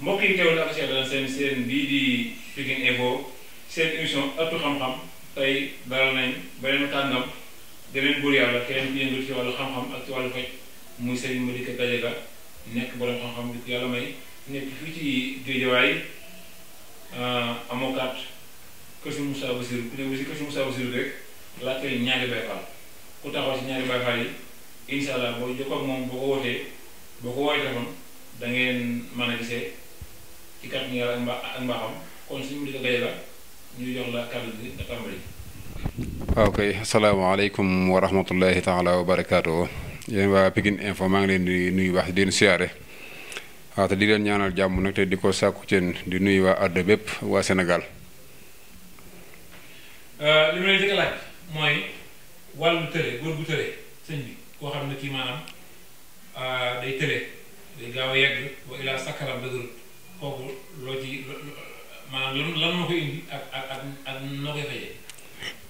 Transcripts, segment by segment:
mbokk yi teewlu ak Cheikh Alane seen seen bii di Pikine Info seen émission ëttu xam-xam tey dalal nañ beneen kàngam beneen buur yàlla keneen ku yëngatu ci wàllu xam-xam ak ci wàllu faj muy Serigne Madické Gadiaga nekk borom xam-xam bi yàlla may nekk fii ci Géejawaay ah, amokat kër si Moussa Bassirou ku nekk si kër si Moussa Bassirou rek laajte ñaari bayfaal ku taxaw si ñaari bayfaal yi incha allah boo moom boo ko wootee boo ko woowee téléphone da ngeen mën ci kàddu yàlla ak mbaa ak mbaaxam kon suñu di ko gaye la ñu jox la kàddu gi nga tàmbali. waaw kay asalaamaaleykum wa rahmatullahi taala wa waa Pikine Info maa ngi leen di nuyu wax di siyaare waaw di leen ñaanal jàmm nag te di ko sàkku ceen di waa àdduna bépp waa Sénégal. Euh, li may jëkk laaj mooy wàllu tële góor gu tële sëñ bi koo xam ne kii maanaam euh, day tële day gaaw a yegg wa ilaa sakaram dëgër kooku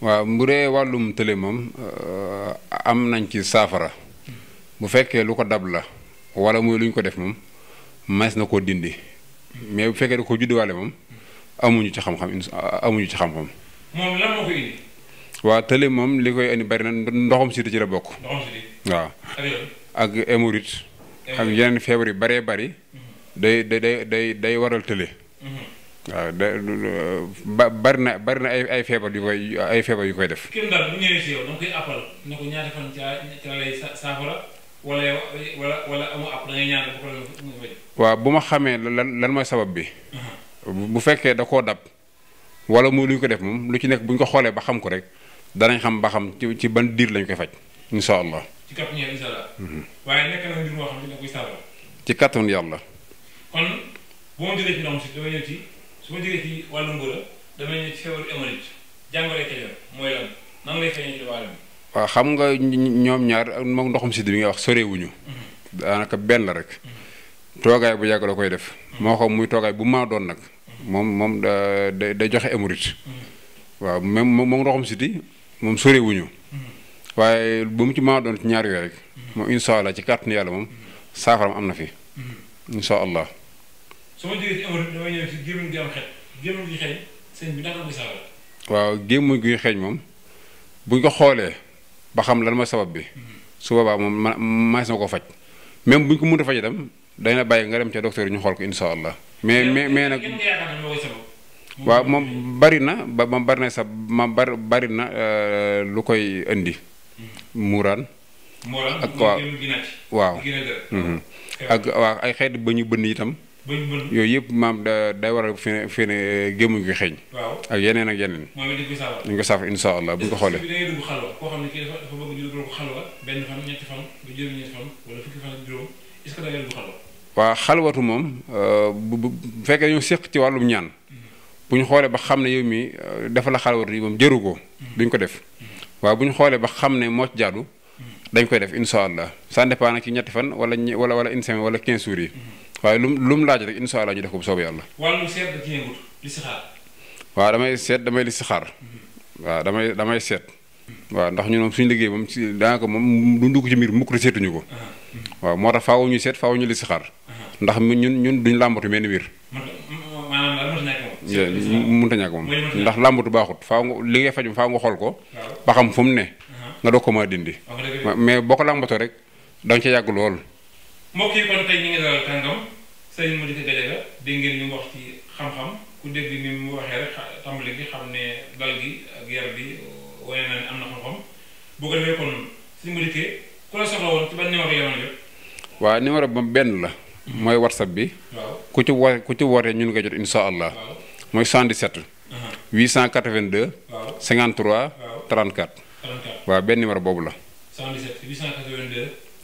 waaw bu dee wàllum tële moom euh, am nañ ci saafara bu fekkee lu ko dab la wala muy luñ ko def moom mas na koo dindi mais bu fekkee da ko juddewaale moom amuñu ci xam-xam amuñu ci xam-xam. moom moom li koy indi bari na ndoxam siti ci la bokk. ndoxam siti ak hémorroïde. ak yeneen feebar yu baree bari. Mhm. day day day day waral tële. Mm-hmm. waaw ba bari na bari na ay feebar yu koy ay feebar yu koy def. kenn daal bu ñëwee si yow da koy appal ne ko ñaata fan ma xamee lan lan mooy sabab bi. Uh-huh. bu fekkee da koo dab wala muy lu ko def moom lu ci nekk bu ko xoolee ba xam ko rek danañ xam ba xam ci ci ban diir lañ koy faj. incha allah. ci kàttanu yàlla. bu ma jógee ci ndox si su ma jógee ci wàllu ngóora damay ñëw ci feebaru hémorroïde jàngoro mooy waaw xam nga ñoom ñaar moom ndoxum si bi nga wax sorewuñu mm-hmm. daanaka benn rek mm-hmm. toogaay bu yàgg la koy def mm-hmm. moo muy toogaay bu maa doon nag moom moom da day même moom ndoxum siti moom sorewuñu waaye bu ci maa ñaar yooyu insha allah ci kàttanu yàlla moom saafaram am na fi insha allah waaw gémmiñ gi xeeñ moom buñ ko xoolee ba xam lan ma sabab bi su boobaa moom ma ma na ko faj même buñ ko mënut a faj itam dañ nga dem ca ñu xool ko incha allah. mais mais mais nag waaw moom bari na ba ma bari na sa ma bari bari na lu koy indi. muuraan. ak waaw ak waaw. ay xeet ba ñu bënn itam. yooyu yëpp maam da day waral fi fi ne eh, gémmuñ ko xeeñ ak yeneen ak yeneen dañ ko saaf insha allah bu ñu ko xoolee waaw xalwatu moom euh, bu fekkee ñu séq ci wàllum ñaan mm-hmm. bu ñu xoolee ba xam ne yow mi euh, defala la xalwatu yi moom jëru ko buñ mm-hmm. ko def mm-hmm. waaw bu ñu xoolee ba xam ne moo ci jaadu dañ koy def insha allah ça dépend nag ci ñetti fan wala wala wala une semaine wala quinze jours yi waaye lu lu mu laaj rek incha allah ñu def ko bu soobee yàlla. wàllu seet da ciy yëngut listixaar. damay seet damay listixaar. Mm-hmm. waaw damay damay seet. waaw ndax ñun moom suñu liggéey moom si daanaka moom dundu ko ci mbir mukk seetuñu ko. Mm-hmm. waaw moo tax ñu seet faaw ñu listixaar. ndax ñun ñun duñ làmbatu mel ni mbir. mënta ñàkk moom ndax làmbatu baaxut faaw nga li ngay fajum faaw nga xool ko ba xam fu mu ne nga doo ko mën dindi mais boo ko làmbatoo rek danga ca yàgg lool mbokk yi kon tey ñu ngi dalal kàngam sëriñ Madické Gadiaga dégg ngeen ñu wax ci xam-xam ku dégg ni mu waxee rek tàmbali gi xam ne dal gi ak yar bi wane na am na xam-xam bu ko defee kon sëriñ Madické ku la soxla woon ci ban numéro yoon yëpp. waaw numéro ba benn la. Mhm. mooy whatsapp bi. ku ci woote ku ci wootee ñun nga jot incha allah. mooy 77. 882. 53. 34. 34 waaw benn numéro boobu la. 77 882.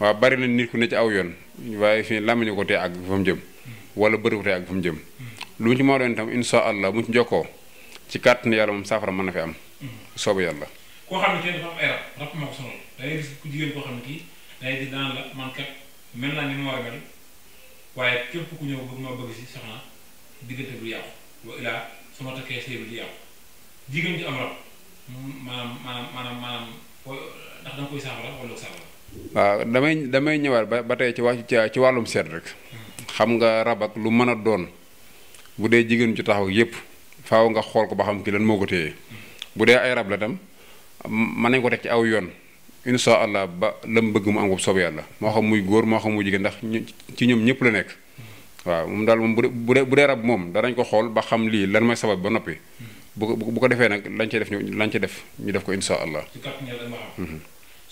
waaw bari na nit ku ne ci aw yoon waaye fii làmmiñu ko tee àgg fa mu jëm wala bëri ko tee àgg fa mu jëm mm. lu mu ci moo doon tam insha allah mu ci jokkoo ci kàttan yàlla moom saafara mën na fi am mm. man kat mel naa ni mu war mel waaye képp ku ñëw bëgg ma bëgg si soxna diggante bi yàqu wa ilaa su ma takkee sëy bi yàqu jigéen ji am rab maanaam maanaam maanaam ndax da koy saafara wala saafara waaw damay damay ñëwaat ba ba tey ci wàcc ci wàllum seet rek xam nga rab ak lu mën a doon bu dee jigéen ci taxaw yépp faaw nga xool ko ba xam ki lan moo ko téye bu dee ay rab la tam mën nañ ko teg ci aw yoon insha allah ba lam bëgg mu am ko soob yàlla moo xam muy góor moo xam muy jigéen ndax ci ñoom ñëpp la nekk waaw moom daal moom bu dee bu dee rab moom danañ ko xool ba xam lii lan mooy sabab ba noppi bu bu ko defee nag lañ def ñu lañ cay def ñu def ko insha allah su mhm.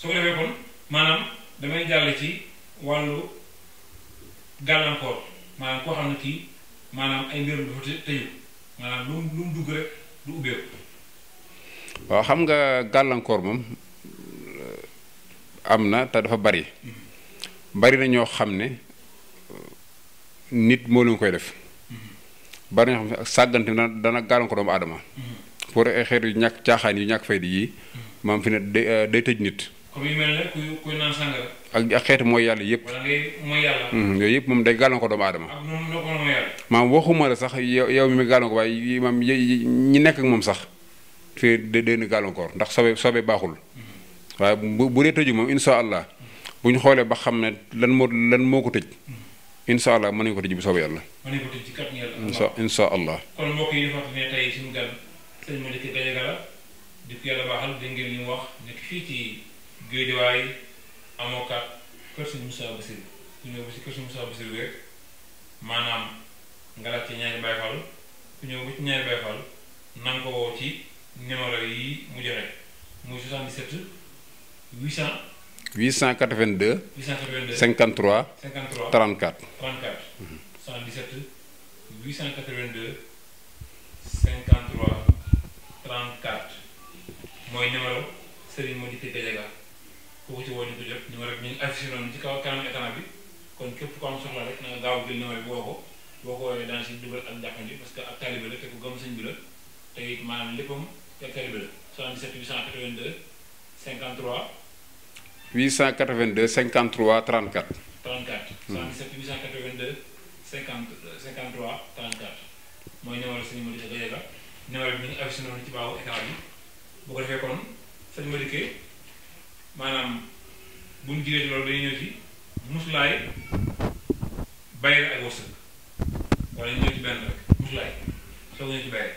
ko defee kon maanaam damay jàll ci wàllu gàllankoor maanaam koo xam ne kii maanaam ay mbiram dafa tëju maanaam lu mu dugg rek du ubbeeku. waaw xam nga gàllankoor moom am na te dafa bari mm-hmm. bari na ñoo xam ne nit moo leen koy def mm-hmm. bari na ñoo xam ne sàggante dana dana gàllankoor doomu aadama mm-hmm. pour xeet yu ñàkk caaxaan yu ñàkk faydi yii maam fi ne day tëj nit. comme ak ak xeetu mooy yàlla yëpp. wala mm-hmm, yëpp moom day gàllankoor doomu aadama. ak moom noo ko maam waxuma la sax yow yow mi gàllankoor waaye yi maam ñi nekk ak moom sax te day day gàllankoor ndax sobe sobe baaxul. Mm-hmm. waaye bu bu dee tëju moom incha allah mm-hmm. bu ñu xoolee ba xam ne lan moo lan moo ko tëj. incha allah mën nañu ko tëj bu soobee yàlla. mën nañu allah. la géejawaay amoo kat kër suñu Moussa Bassir ku ñëw ci kër suñu Moussa Bassir rek maanaam nga laaj ci ñaari Baay Faal ku ñëw ci ñaari ko ci numéro yi mu joxe 77 800. 882. 53. 34. 34 77 882 53 34 numéro Serigne ku ci woo di ko jot numéro bi ñu ngi affiché ci kaw kanam état bi kon képp ko am soxla rek na nga gaaw jël numéro bi woo ko boo ko woowee daan si dugal ak jàppandi parce que ab talibé la te ku gëm sëñ bi la te it maanaam léppam ak talibé la 77 882 53 882 53 34 34 77 882 50 mooy numéro sëñ Madické Gadiaga numéro bi ñu ngi affiché bi bu ko defee kon sëñ Madické maanaam bu ñu jigéen loolu dañuy ñëw ci muslaay bayre ak wërsëg wala ñu ñëw ci benn rek muslaay soog ñu ci bayre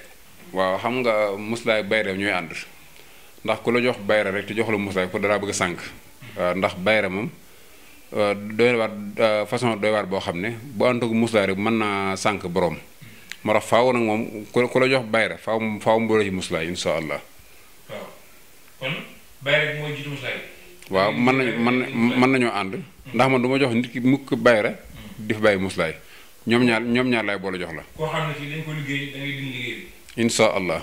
waaw xam nga muslaay bayre ñooy ànd ndax ku la jox bayre rek te jox la muslaay pour dara bëgg a sànq ndax bayre moom euh, doy waar euh, façon doy waar boo xam ne bu ànd ak muslaay rek mën naa sànq borom moo tax faaw nag moom ku la jox bayre faaw faaw mu boole ci muslaay insha allah bay waaw mën na mën mën nañoo ànd ndax man du ma jox nit ki mukk bay rek hmm. di fa bàyyi muslaay ñoom ñaar ñoom ñaar laay boole jox la koo xam ne fii dañ ko insha allah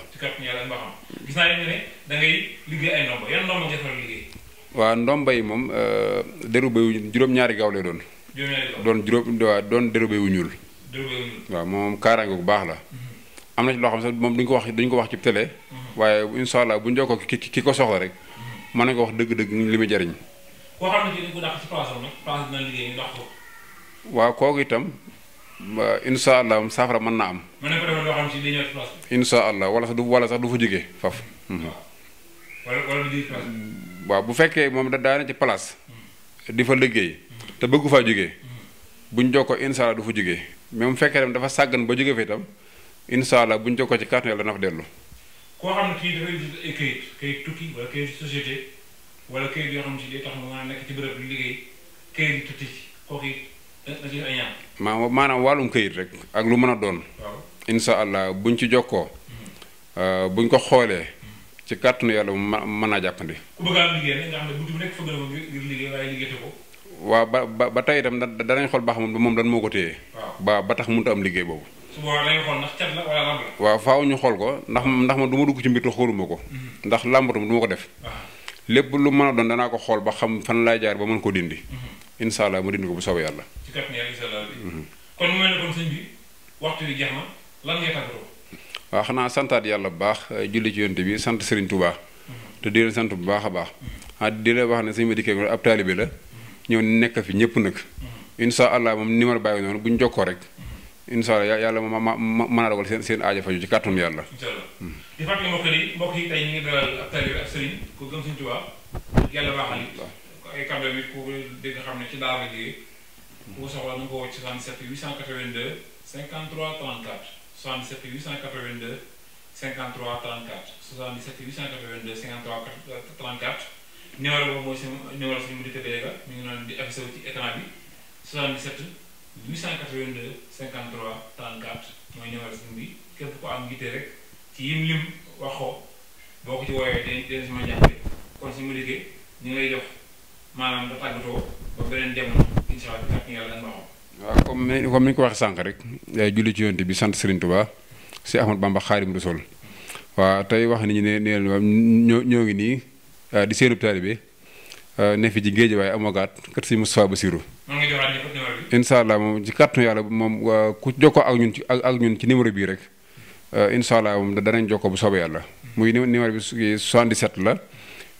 waaw ndomba yi moom euh, deru béyu juróom-ñaari gaaw lay doon doon juróom waaw doon deru béyu ñuul waaw moom kaaraange bu baax la hmm. am na ci loo xam sax moom duñ ko wax duñ ko wax ci télé hmm. waaye insha allah bu ñu ki ki ko soxla rek mën ko wax dëgg-dëgg li ma jariñ koo xam ne ko dakk ci place am nag place dina liggéey ñu dàq ko waaw kooku itam incha allah safara man na am. mën ko defal loo xam ci li ñëw ci place bi. allah wala sax du wala sax du fa jógee faf mhm. wala wala du place waaw bu fekkee moom da daana ci place. Mhm. di fa liggéey. Mhm. te bëggu faa jógee. buñ jokkoo incha allah du fa jógee. mais bu fekkee dafa sàggan ba jógee fa itam incha allah buñ jokkoo ci kàttan yàlla dana fa dellu. koo xam ne kii dafay ut ay kayit yoo xam si day tax ma nekk ci liggéey kayit yi tuuti kooku it da maanaam maanaam wàllum kayit rek ak lu mën a doon. waaw allah buñ ci jokkoo. Mm-hmm. Euh, buñ ko xoolee. ci kàttanu yàlla ma mën jàppandi. ku bëgg a liggéey liggéey te ko. waaw ba ba ba tey itam danañ xool baax moom moom lan moo ko téye. ba ba tax mun a liggéey boobu. waaw faaw ñu xool ko ndax ndax ma du ma dugg ci mbir te xooluma ko mhm. ndax làmbatum du ma ko def ah. lépp lu mën a doon danaa ko xool ba xam fan laay jaar ba mën ko dindi mhm. incha allah ma dindi ko bu soobee yàlla mhm. kon yàlla bu baax julli ci bi sant Serigne Touba te di sant bu baax a baax ah di leen wax ne sëñ Madické ab taalibe la ñëw nekk fi ñëpp nag incha allah moom ni ma la bàyyi noonu bu ñu jokkoo rek incha yàlla ma ma ma mën a seen seen aajo faju ci kàttum yàlla. incha allah di fàttali mbokk yi mbokk yi tey ñu ngi dalal ab talib ak sëriñ ku gëm Sëriñ Tuubaa yàlla baaxal ay kàddu bi ku dégg xam ne ci daara ji ku ko soxla na nga ko woo ci 77 882 53 34 77 882 53 34 77 882 53 34 numéro boobu mooy seen numéro suñu mu di tëddee mi ngi noonu di affiché ci écran bi 77. 882 comme ni comme ni ko waxee sànq rek eh, julli ci yonte bi sant Serigne Touba si Ahmad Bamba Xaadimu Rasuul waaw tey wax nañu ne nee ñoo ñoo ngi nii eh, di seenub taalibe eh, ne fi ci géej waaye amogaat kër si Moustapha Bassirou. incha allah moom ci kàttanu yàlla moom ku jokkoo ak ñun ci ak ñun ci numéro bii rek euh, incha allah moom danañ jokkoo bu soobee yàlla. muy numéro bi 77 la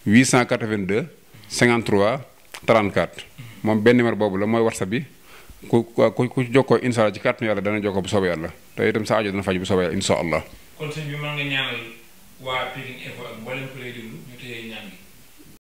882 53 34 moom benn numéro boobu la mooy whatsapp bi ku ku ku jokkoo incha allah ci kàttanu yàlla danañ jokkoo bu soobee yàlla te itam sa aajo dana faj bu soobee yàlla incha bi mën nga